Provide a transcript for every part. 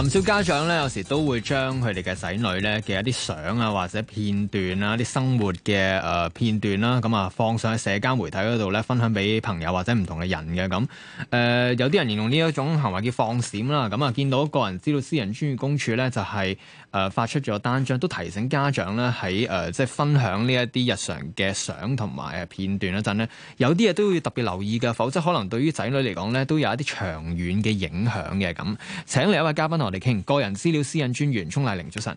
唔少家長咧，有時都會將佢哋嘅仔女咧嘅一啲相啊，或者片段一啲生活嘅誒片段啦，咁、呃、啊放上喺社交媒體嗰度咧，分享俾朋友或者唔同嘅人嘅咁。誒、呃、有啲人連用呢一種行為叫放閃啦，咁啊見到一個人知道私隱專員公署咧，就係、是。誒、呃、發出咗單張，都提醒家長咧，喺誒即係分享呢一啲日常嘅相同埋片段嗰陣咧，有啲嘢都要特別留意噶，否則可能對於仔女嚟講呢都有一啲長遠嘅影響嘅咁。請嚟一位嘉賓同我哋傾，個人資料私隱專員鍾麗玲，早晨。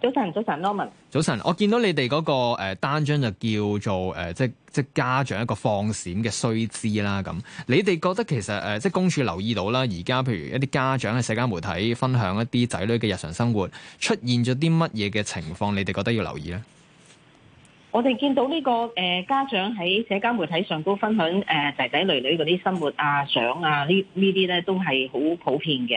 早晨，早晨，Norman。早晨，我見到你哋嗰個誒單張就叫做誒、呃、即係即係家長一個放閃嘅須知啦。咁，你哋覺得其實誒、呃、即係公署留意到啦。而家譬如一啲家長喺社交媒體分享一啲仔女嘅日常生活，出現咗啲乜嘢嘅情況，你哋覺得要留意咧？我哋見到呢、這個誒、呃、家長喺社交媒體上高分享誒仔仔女女嗰啲生活啊、相啊呢呢啲咧，都係好普遍嘅。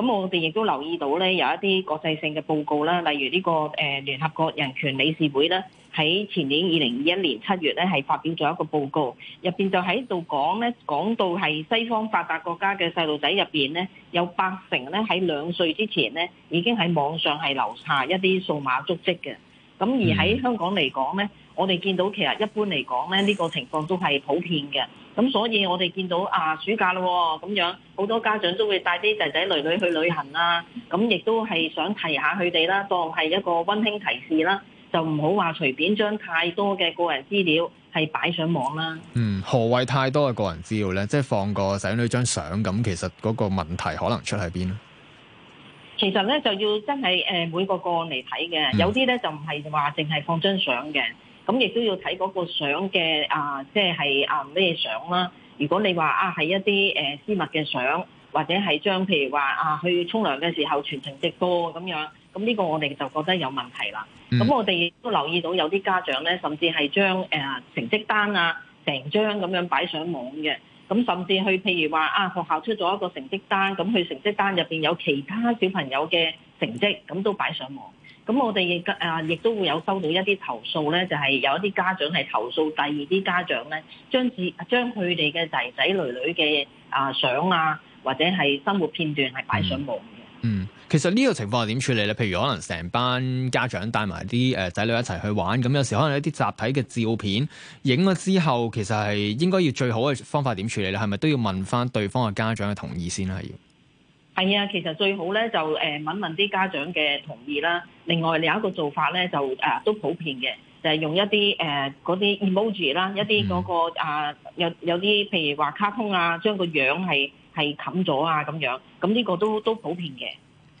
咁我哋亦都留意到咧，有一啲國際性嘅報告啦，例如呢個誒、呃、聯合國人權理事會咧，喺前年二零二一年七月咧，係發表咗一個報告，入邊就喺度講咧，講到係西方發達國家嘅細路仔入邊咧，有八成咧喺兩歲之前咧，已經喺網上係留下一啲數碼足跡嘅。咁而喺香港嚟講咧，我哋見到其實一般嚟講咧，呢個情況都係普遍嘅。咁所以我哋見到啊，暑假咯咁、哦、樣，好多家長都會帶啲仔仔女女去旅行啦、啊。咁亦都係想提下佢哋啦，當係一個溫馨提示啦，就唔好話隨便將太多嘅個人資料係擺上網啦。嗯，何謂太多嘅個人資料咧？即係放個仔女張相咁，其實嗰個問題可能出喺邊咧？其實咧就要真係誒每個個案嚟睇嘅，嗯、有啲咧就唔係話淨係放張相嘅。咁亦都要睇嗰個相嘅啊，即係啊咩相啦？如果你話啊，係一啲誒私密嘅相，或者係將譬如話啊去沖涼嘅時候全程直播咁樣，咁呢個我哋就覺得有問題啦。咁我哋亦都留意到有啲家長咧，甚至係將誒成績單啊，成張咁樣擺上網嘅。咁甚至去譬如話啊，學校出咗一個成績單，咁佢成績單入邊有其他小朋友嘅成績，咁都擺上網。咁我哋亦啊，亦都會有收到一啲投訴咧，就係有一啲家長係投訴，第二啲家長咧將自將佢哋嘅仔仔女女嘅啊相啊，或者係生活片段係擺上網嘅。嗯，其實呢個情況係點處理咧？譬如可能成班家長帶埋啲誒仔女一齊去玩，咁有時可能一啲集體嘅照片影咗之後，其實係應該要最好嘅方法點處理咧？係咪都要問翻對方嘅家長嘅同意先啦？係要？係啊，其實最好咧就誒、呃、問問啲家長嘅同意啦。另外另外一個做法咧就誒、呃、都普遍嘅，就係、是、用一啲誒嗰啲 emoji 啦，呃、emo ji, 一啲嗰、那個啊、呃、有有啲譬如話卡通啊，將個樣係係冚咗啊咁樣，咁呢個都都普遍嘅。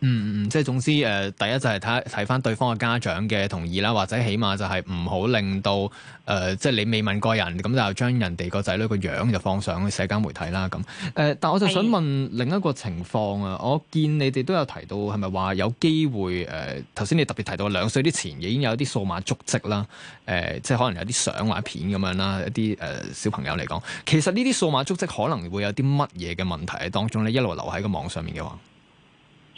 嗯嗯嗯，即係總之，誒、呃，第一就係睇睇翻對方嘅家長嘅同意啦，或者起碼就係唔好令到誒、呃，即係你未問過人，咁就將人哋個仔女個樣就放上去社交媒體啦。咁誒、呃，但我就想問另一個情況啊，我見你哋都有提到係咪話有機會誒，頭、呃、先你特別提到兩歲之前已經有啲數碼足跡啦，誒、呃，即係可能有啲相畫片咁樣啦，一啲誒、呃、小朋友嚟講，其實呢啲數碼足跡可能會有啲乜嘢嘅問題喺當中咧，一路留喺個網上面嘅話？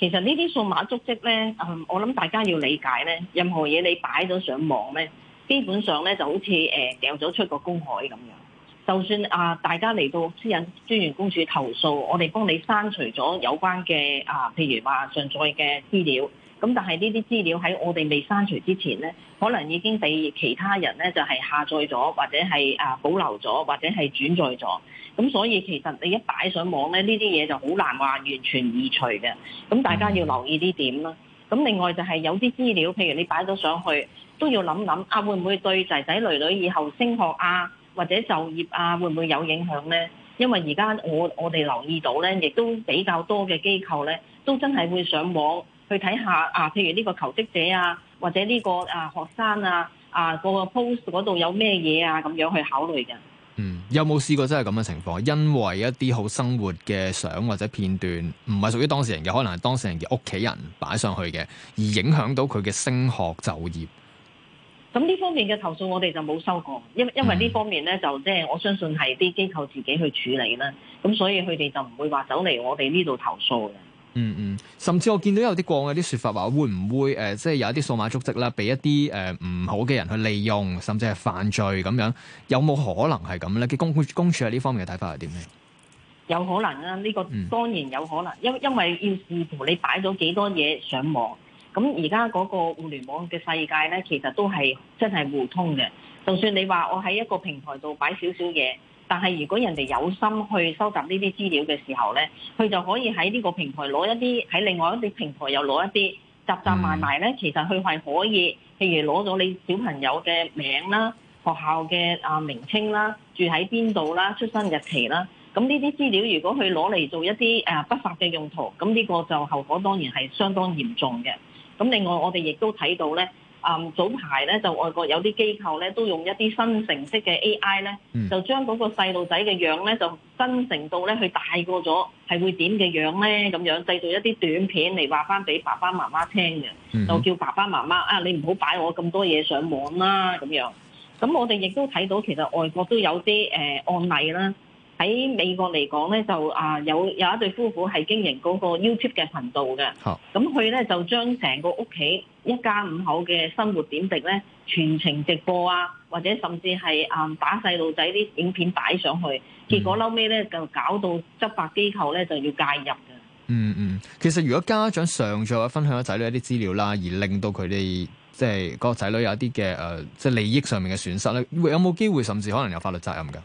其實呢啲數碼足跡咧，嗯，我諗大家要理解咧，任何嘢你擺咗上網咧，基本上咧就好似誒掉咗出個公海咁樣。就算啊、呃，大家嚟到私隱專員公署投訴，我哋幫你刪除咗有關嘅啊、呃，譬如話上載嘅資料。咁但係呢啲資料喺我哋未刪除之前咧，可能已經被其他人咧就係、是、下載咗，或者係啊保留咗，或者係轉載咗。咁所以其實你一擺上網咧，呢啲嘢就好難話完全移除嘅。咁大家要留意啲點啦。咁另外就係有啲資料，譬如你擺咗上去，都要諗諗啊，會唔會對仔仔女女以後升學啊，或者就業啊，會唔會有影響咧？因為而家我我哋留意到咧，亦都比較多嘅機構咧，都真係會上網去睇下啊，譬如呢個求職者啊，或者呢個啊學生啊啊個個 post 嗰度有咩嘢啊，咁樣去考慮嘅。嗯，有冇試過真係咁嘅情況？因為一啲好生活嘅相或者片段唔係屬於當事人嘅，可能係當事人嘅屋企人擺上去嘅，而影響到佢嘅升學就業。咁呢方面嘅投訴，我哋就冇收過，因因為呢方面呢，就即係我相信係啲機構自己去處理啦。咁所以佢哋就唔會話走嚟我哋呢度投訴嘅。嗯嗯，甚至我見到有啲國外啲說法話會唔會誒、呃，即係有數碼一啲數碼足跡啦，俾一啲誒唔好嘅人去利用，甚至係犯罪咁樣，有冇可能係咁咧？嘅公公署喺呢方面嘅睇法係點咧？有可能啊，呢、這個當然有可能，因、嗯、因為要視乎你擺咗幾多嘢上網。咁而家嗰個互聯網嘅世界咧，其實都係真係互通嘅。就算你話我喺一個平台度擺少少嘢。但係，如果人哋有心去收集呢啲資料嘅時候咧，佢就可以喺呢個平台攞一啲，喺另外一啲平台又攞一啲，集集埋埋咧，其實佢係可以，譬如攞咗你小朋友嘅名啦、學校嘅啊名稱啦、住喺邊度啦、出生日期啦，咁呢啲資料如果佢攞嚟做一啲誒不法嘅用途，咁呢個就後果當然係相當嚴重嘅。咁另外我哋亦都睇到咧。嗯，um, 早排咧就外國有啲機構咧都用一啲新程式嘅 AI 咧，就將嗰個細路仔嘅樣咧就生成到咧佢大個咗係會點嘅樣咧咁樣，呢樣製造一啲短片嚟話翻俾爸爸媽媽聽嘅，就叫爸爸媽媽啊你唔好擺我咁多嘢上網啦咁樣。咁我哋亦都睇到其實外國都有啲誒、呃、案例啦。喺美國嚟講咧，就啊、呃、有有一對夫婦係經營嗰個 YouTube 嘅頻道嘅，咁佢咧就將成個屋企一家五口嘅生活點滴咧全程直播啊，或者甚至係啊把細路仔啲影片擺上去，結果後尾咧就搞到執法機構咧就要介入嘅。嗯嗯，其實如果家長上載分享咗仔女一啲資料啦，而令到佢哋即係、個仔女有一啲嘅誒即係利益上面嘅損失咧，會有冇機會甚至可能有法律責任㗎？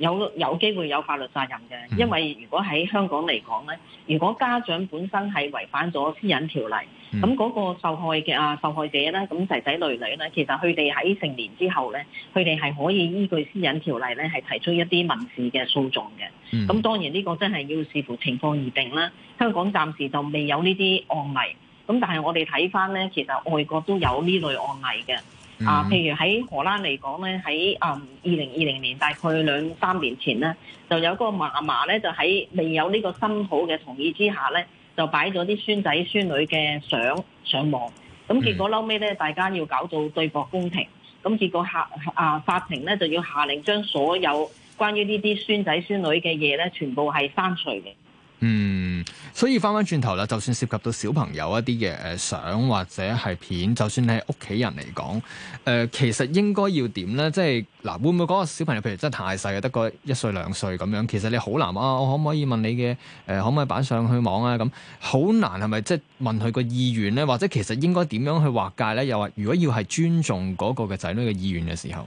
有有機會有法律責任嘅，因為如果喺香港嚟講咧，如果家長本身係違反咗私隱條例，咁嗰、嗯、個受害嘅啊受害者咧，咁仔仔女女咧，其實佢哋喺成年之後咧，佢哋係可以依據私隱條例咧係提出一啲民事嘅訴訟嘅。咁、嗯、當然呢個真係要視乎情況而定啦。香港暫時就未有呢啲案例，咁但係我哋睇返咧，其實外國都有呢類案例嘅。Mm hmm. 啊，譬如喺荷蘭嚟講咧，喺誒二零二零年大概兩三年前咧，就有個嫲嫲咧，就喺未有呢個新抱嘅同意之下咧，就擺咗啲孫仔孫女嘅相上網。咁、嗯、結果嬲尾咧，大家要搞到對簿公庭。咁結果下啊，法庭咧就要下令將所有關於呢啲孫仔孫女嘅嘢咧，全部係刪除嘅。嗯、mm。Hmm. 所以翻翻轉頭啦，就算涉及到小朋友一啲嘅誒相或者係片，就算你係屋企人嚟講，誒、呃、其實應該要點咧？即係嗱、啊，會唔會嗰個小朋友譬如真係太細啊，得個一歲兩歲咁樣，其實你好難話、啊、我可唔可以問你嘅誒、呃、可唔可以擺上去網啊？咁好難係咪即係問佢個意願咧？或者其實應該點樣去劃界咧？又話如果要係尊重嗰個嘅仔女嘅意願嘅時候？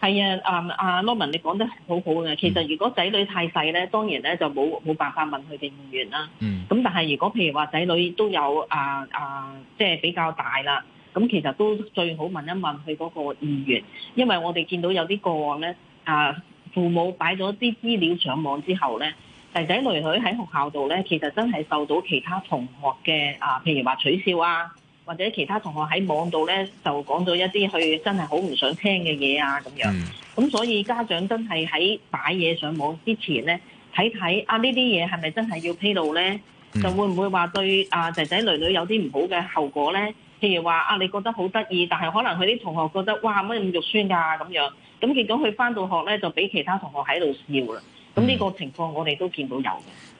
係啊，誒阿羅文，Norman，你講得好好嘅。其實如果仔女太細咧，當然咧就冇冇辦法問佢哋意願啦。嗯。咁但係如果譬如話仔女都有啊啊，即、啊、係、就是、比較大啦，咁其實都最好問一問佢嗰個意願，因為我哋見到有啲個案咧，啊父母擺咗啲資料上網之後咧，仔仔女女喺學校度咧，其實真係受到其他同學嘅啊，譬如話取笑啊。或者其他同學喺網度咧，就講咗一啲佢真係好唔想聽嘅嘢啊，咁樣。咁 所以家長真係喺擺嘢上網之前咧，睇睇啊呢啲嘢係咪真係要披露咧， 就會唔會話對啊仔仔女女有啲唔好嘅後果咧？譬如話啊，你覺得好得意，但係可能佢啲同學覺得哇乜咁肉酸㗎、啊、咁樣，咁結果佢返到學咧就俾其他同學喺度笑啦。咁呢個情況我哋都見到有。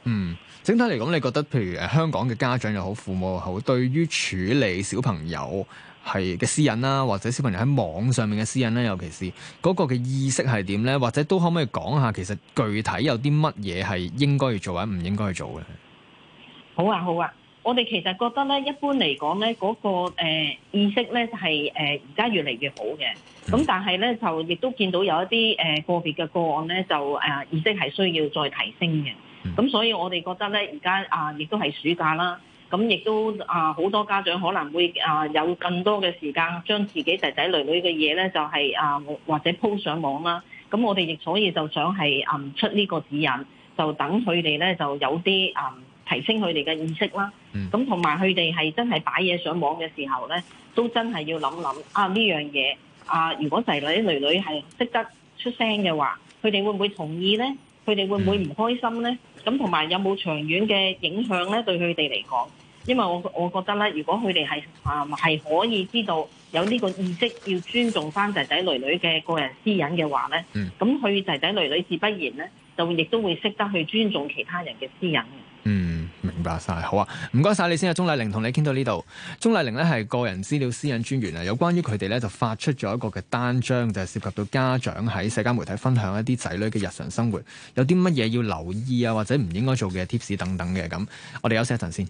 嗯，整體嚟講，你覺得譬如誒香港嘅家長又好，父母又好，對於處理小朋友係嘅私隱啦，或者小朋友喺網上面嘅私隱咧，尤其是嗰個嘅意識係點咧？或者都可唔可以講下其實具體有啲乜嘢係應該要做，或者唔應該去做嘅？好啊，好啊。我哋其實覺得咧，一般嚟講咧，嗰個誒意識咧係誒而家越嚟越好嘅。咁但係咧，就亦都見到有一啲誒個別嘅個案咧，就誒意識係需要再提升嘅。咁所以我哋覺得咧，而家啊亦都係暑假啦，咁亦都啊好多家長可能會啊有更多嘅時間將自己仔仔女女嘅嘢咧，就係啊或者鋪上網啦。咁我哋亦所以就想係啊出呢個指引，就等佢哋咧就有啲啊提升佢哋嘅意識啦。咁同埋佢哋係真係擺嘢上網嘅時候咧，都真係要諗諗啊呢樣嘢啊！如果仔仔囡囡係識得出聲嘅話，佢哋會唔會同意咧？佢哋會唔會唔開心咧？咁同埋有冇長遠嘅影響咧？對佢哋嚟講，因為我我覺得咧，如果佢哋係啊係可以知道有呢個意識要尊重翻仔仔囡囡嘅個人私隱嘅話咧，咁佢仔仔囡囡自不然咧就亦都會識得去尊重其他人嘅私隱。明白晒，好啊！唔該晒。你先啊，鍾麗玲同你傾到呢度。鍾麗玲咧係個人資料私隱專員啊，有關於佢哋咧就發出咗一個嘅單張，就係涉及到家長喺社交媒體分享一啲仔女嘅日常生活，有啲乜嘢要留意啊，或者唔應該做嘅貼士等等嘅咁。我哋休息一陣先。